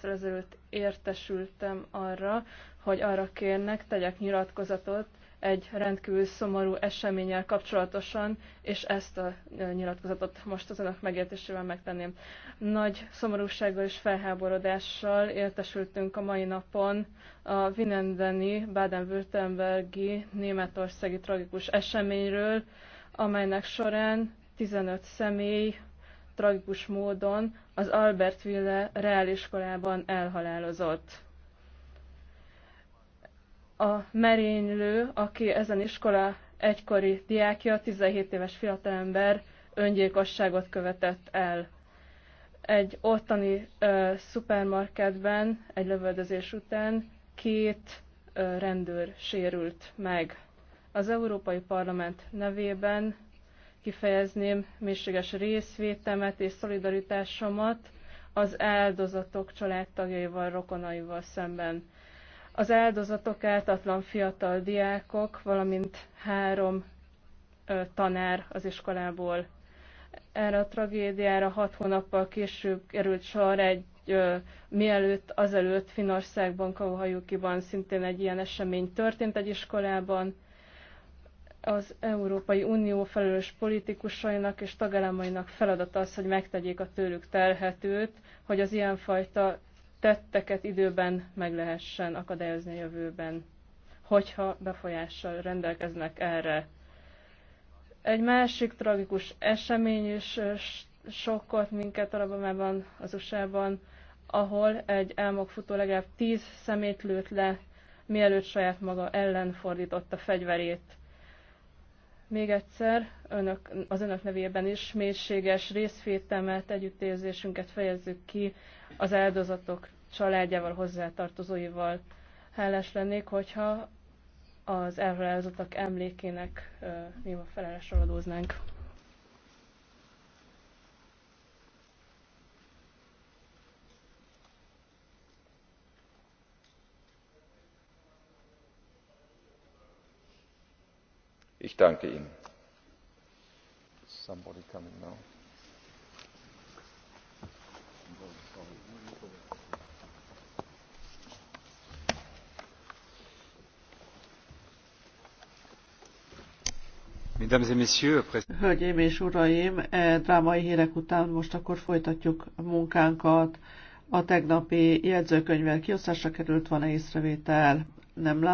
perccel ezelőtt értesültem arra, hogy arra kérnek, tegyek nyilatkozatot egy rendkívül szomorú eseménnyel kapcsolatosan, és ezt a nyilatkozatot most az önök megértésével megtenném. Nagy szomorúsággal és felháborodással értesültünk a mai napon a Vinendeni, Baden-Württembergi, németországi tragikus eseményről, amelynek során 15 személy tragikus módon az Albertville reáliskolában elhalálozott. A merénylő, aki ezen iskola egykori diákja, 17 éves fiatalember öngyilkosságot követett el. Egy ottani ö, szupermarketben, egy lövöldözés után két ö, rendőr sérült meg. Az Európai Parlament nevében kifejezném mélységes részvétemet és szolidaritásomat az áldozatok családtagjaival, rokonaival szemben. Az áldozatok áltatlan fiatal diákok, valamint három ö, tanár az iskolából. Erre a tragédiára hat hónappal később került sor egy ö, mielőtt, azelőtt Finországban, Kauhajukiban szintén egy ilyen esemény történt egy iskolában az Európai Unió felelős politikusainak és tagállamainak feladata az, hogy megtegyék a tőlük telhetőt, hogy az ilyenfajta tetteket időben meg lehessen akadályozni a jövőben, hogyha befolyással rendelkeznek erre. Egy másik tragikus esemény is sokkolt minket Alabamában, az USA-ban, ahol egy álmokfutó legalább tíz szemét lőtt le, mielőtt saját maga ellen fordította fegyverét. Még egyszer önök, az önök nevében is mélységes részvétemet, együttérzésünket fejezzük ki az áldozatok családjával, hozzátartozóival. Hálás lennék, hogyha az elhalálozottak emlékének néma felállásra adóznánk. ich danke ihnen. Hölgyeim és uraim, e, drámai hírek után most akkor folytatjuk a munkánkat. A tegnapi jegyzőkönyvvel kiosztásra került, van-e észrevétel? Nem látom.